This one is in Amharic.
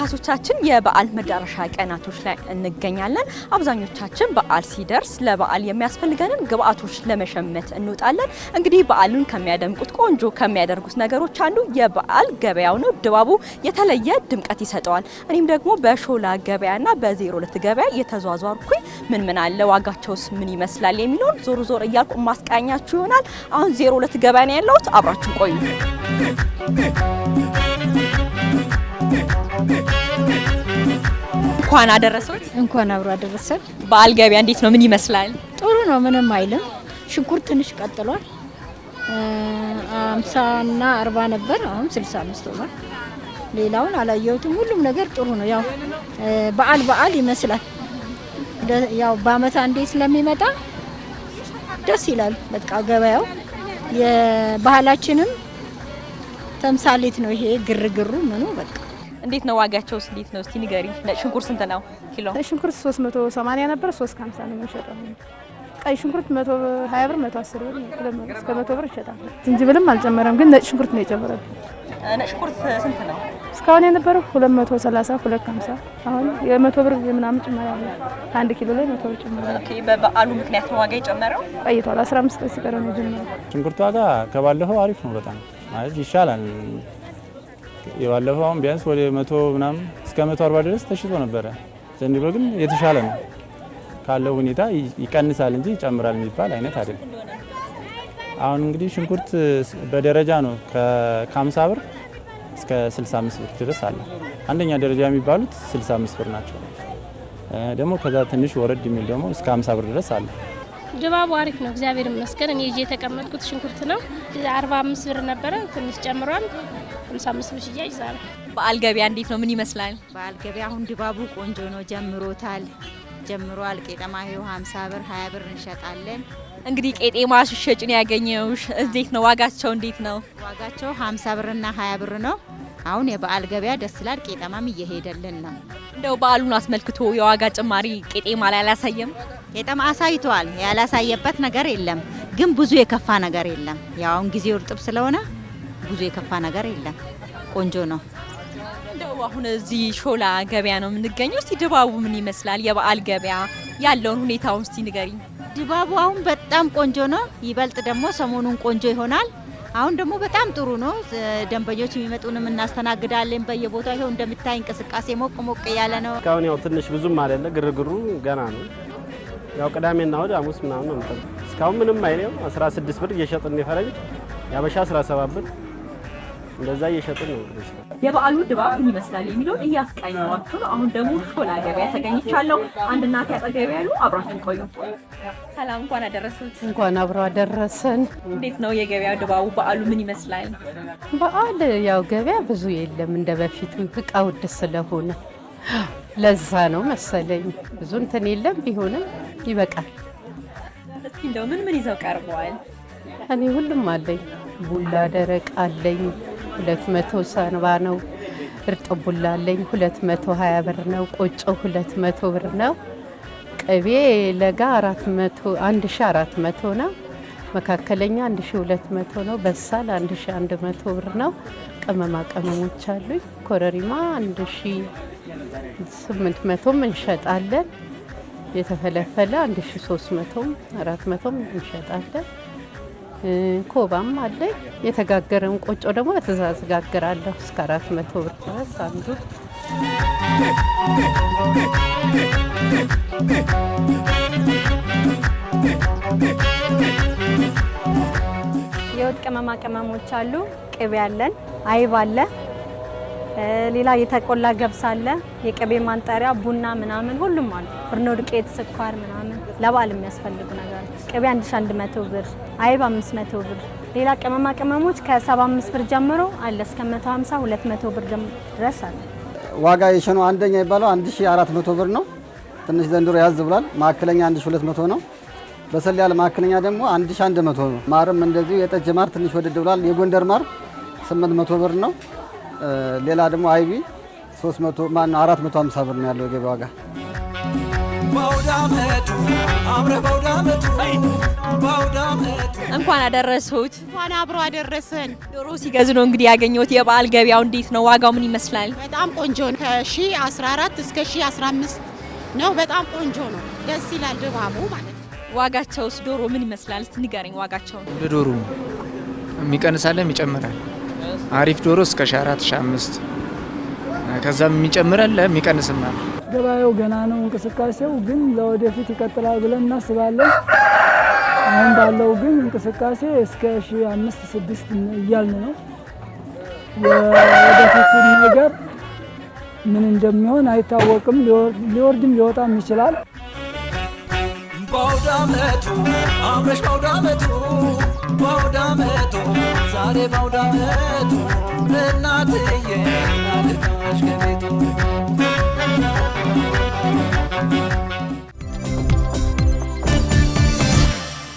ተመልካቾቻችን የበዓል መዳረሻ ቀናቶች ላይ እንገኛለን። አብዛኞቻችን በዓል ሲደርስ ለበዓል የሚያስፈልገንን ግብአቶች ለመሸመት እንውጣለን። እንግዲህ በዓሉን ከሚያደምቁት ቆንጆ ከሚያደርጉት ነገሮች አንዱ የበዓል ገበያው ነው። ድባቡ የተለየ ድምቀት ይሰጠዋል። እኔም ደግሞ በሾላ ገበያና በዜሮ ሁለት ገበያ የተዟዟርኩኝ ምን ምን አለ ዋጋቸውስ ምን ይመስላል የሚለውን ዞር ዞር እያልኩ ማስቃኛችሁ ይሆናል። አሁን ዜሮ ሁለት ገበያ ነው ያለሁት። አብራችሁ ቆዩ። እንኳን አደረሰዎት። እንኳን አብሮ አደረሰን። በዓል ገበያ እንዴት ነው? ምን ይመስላል? ጥሩ ነው፣ ምንም አይልም። ሽንኩርት ትንሽ ቀጥሏል። አምሳ እና አርባ ነበር፣ አሁን ስልሳ አምስት ሆኗል። ሌላውን አላየሁትም። ሁሉም ነገር ጥሩ ነው። ያው በዓል በዓል ይመስላል። ያው በአመት አንዴ ስለሚመጣ ደስ ይላል። በቃ ገበያው የባህላችንም ተምሳሌት ነው ይሄ ግርግሩ ምኑ በቃ እንዴት ነው ዋጋቸው? እንዴት ነው እስቲ ንገሪ። ሽንኩርት ስንት ነው ኪሎ? ሽንኩርት 380 ነበር፣ 350 ነው የሚሸጠው። ቀይ ሽንኩርት 120 ብር፣ 110 ብር እስከ 100 ብር ይሸጣል። ዝንጅብልም አልጨመረም፣ ግን ነጭ ሽንኩርት ነው የጨመረው። ነጭ ሽንኩርት ስንት ነው እስካሁን የነበረው? 230 250። አሁን የ100 ብር ምናምን ጭማሪ አለ። አንድ ኪሎ ላይ 100 ብር ጭማሪ አለ። ኦኬ። በበዓሉ ምክንያት ነው ዋጋ የጨመረው? ቆይቷል፣ 15 ቀን ሲቀረው ነው። ሽንኩርት ዋጋ ከባለፈው አሪፍ ነው በጣም ማለት ይሻላል የባለፈውም ቢያንስ ወደ መቶ ምናምን እስከ መቶ አርባ ድረስ ተሽጦ ነበረ። ዘንድሮ ግን የተሻለ ነው ካለው ሁኔታ ይቀንሳል እንጂ ይጨምራል የሚባል አይነት አይደለም። አሁን እንግዲህ ሽንኩርት በደረጃ ነው ከ50 ብር እስከ 65 ብር ድረስ አለ። አንደኛ ደረጃ የሚባሉት 65 ብር ናቸው። ደግሞ ከዛ ትንሽ ወረድ የሚል ደግሞ እስከ 50 ብር ድረስ አለ። ድባቡ አሪፍ ነው፣ እግዚአብሔር ይመስገን። እኔ ይዤ የተቀመጥኩት ሽንኩርት ነው። 45 ብር ነበረ፣ ትንሽ ጨምሯል። ሀምሳ አምስት ብር ሽያጭ ዛሬ። በዓል ገበያ እንዴት ነው? ምን ይመስላል? በዓል ገበያ አሁን ድባቡ ቆንጆ ነው። ጀምሮታል ጀምሯል። ቄጠማ ይኸው ሀምሳ ብር ሀያ ብር እንሸጣለን። እንግዲህ ቄጤማ ሽሸጭን ያገኘው እንዴት ነው? ዋጋቸው እንዴት ነው? ዋጋቸው ሀምሳ ብርና ሀያ ብር ነው። አሁን የበዓል ገበያ ደስ ይላል። ቄጠማም እየሄደልን ነው። እንደው በዓሉን አስመልክቶ የዋጋ ጭማሪ ቄጤማ ላይ አላሳየም? ቄጠማ አሳይቷል። ያላሳየበት ነገር የለም። ግን ብዙ የከፋ ነገር የለም። ያው አሁን ጊዜው እርጥብ ስለሆነ ብዙ የከፋ ነገር የለም። ቆንጆ ነው። እንደው አሁን እዚህ ሾላ ገበያ ነው የምንገኘው። እስቲ ድባቡ ምን ይመስላል? የበዓል ገበያ ያለውን ሁኔታውን እስቲ ንገሪኝ። ድባቡ አሁን በጣም ቆንጆ ነው። ይበልጥ ደግሞ ሰሞኑን ቆንጆ ይሆናል። አሁን ደግሞ በጣም ጥሩ ነው። ደንበኞች የሚመጡንም እናስተናግዳለን በየቦታው። ይኸው እንደምታይ እንቅስቃሴ ሞቅ ሞቅ እያለ ነው። እስካሁን ያው ትንሽ ብዙም አይደለ፣ ግርግሩ ገና ነው። ያው ቅዳሜና እሑድ ሐሙስ ምናምን ነው። እስካሁን ምንም አይልም። 16 ብር እየሸጥን የፈረንጅ የአበሻ 17 ብር እንደዛ እየሸጡ ነው። የበዓሉ ድባብ ምን ይመስላል የሚለውን እያስቃኘኋችሁ ነው። አሁን ደግሞ ሾላ ገበያ ተገኝቻለሁ። አንድ እናት ያጠገብ ያሉ አብራችን ቆዩ። ሰላም፣ እንኳን አደረሱት። እንኳን አብሮ አደረሰን። እንዴት ነው የገበያ ድባቡ? በዓሉ ምን ይመስላል? በዓል ያው ገበያ ብዙ የለም እንደ በፊቱ እቃ ውድ ስለሆነ ለዛ ነው መሰለኝ ብዙ እንትን የለም። ቢሆንም ይበቃል። እስኪ እንደው ምን ምን ይዘው ቀርበዋል? እኔ ሁሉም አለኝ። ቡላ ደረቅ አለኝ ሁለት መቶ ሰባ ነው። እርጥ ቡላ አለኝ መቶ ሀያ ብር ነው። ቆጮ ሁለት መቶ ብር ነው። ቅቤ ለጋ አራት መቶ አንድ ሺ አራት መቶ ነው። መካከለኛ 1200 ነው። በሳል 1100 ብር ነው። ቅመማ ቅመሞች አሉኝ። ኮረሪማ 1800ም እንሸጣለን። የተፈለፈለ 1300ም 400ም እንሸጣለን። ኮባም አለ። የተጋገረን ቆጮ ደግሞ በትእዛዝ ጋግራለሁ እስከ አራት መቶ ብር ድረስ አንዱ የወጥ ቅመማ ቅመሞች አሉ። ቅቤ አለን፣ አይብ አለ፣ ሌላ የተቆላ ገብስ አለ፣ የቅቤ ማንጠሪያ ቡና ምናምን ሁሉም አሉ። ፍርኖ ዱቄት፣ ስኳር ምናምን ለበዓል የሚያስፈልጉ ነገሮች ቅቤ 1100 ብር፣ አይብ 500 ብር፣ ሌላ ቅመማ ቅመሞች ከ75 ብር ጀምሮ አለ እስከ 150 200 ብር ድረስ አለ። ዋጋ የሸኖ አንደኛ የሚባለው 1400 ብር ነው። ትንሽ ዘንድሮ ያዝ ብሏል። ማዕከለኛ 1200 ነው። በሰል ያለ ማዕከለኛ ደግሞ 1100 ነው። ማርም እንደዚሁ የጠጅ ማር ትንሽ ወደድ ብሏል። የጎንደር ማር 800 ብር ነው። ሌላ ደግሞ አይቢ 300 ማን 450 ብር ነው ያለው የገበያ ዋጋ። እንኳን አደረሰሁት። እንኳን አብሮ አደረሰን። ዶሮ ሲገዙ ነው እንግዲህ ያገኘሁት። የበዓል ገበያው እንዴት ነው? ዋጋው ምን ይመስላል? በጣም ቆንጆ ነው። ከሺህ 14 እስከ ሺህ 15 ነው። በጣም ቆንጆ ነው። ደስ ይላል ድባቡ ማለት ነው። ዋጋቸውስ ዶሮ ምን ይመስላል? እስቲ ንገረኝ ዋጋቸው። እንደ ዶሮ ይጨምራል። አሪፍ ዶሮ እስከ ሺህ 4 ሺህ 5 ከዛም የሚጨምራል የሚቀንስም አለ ገበያው ገና ነው። እንቅስቃሴው ግን ለወደፊት ይቀጥላል ብለን እናስባለን። አሁን ባለው ግን እንቅስቃሴ እስከ ሺ አምስት ስድስት እያልን ነው። የወደፊቱን ነገር ምን እንደሚሆን አይታወቅም። ሊወርድም ሊወጣም ይችላል። ባውዳመቱ አምረሽ ባውዳመቱ ባውዳመቱ ዛሬ ባውዳመቱ እናትዬ ናልካሽ ከቤቱ Thank you.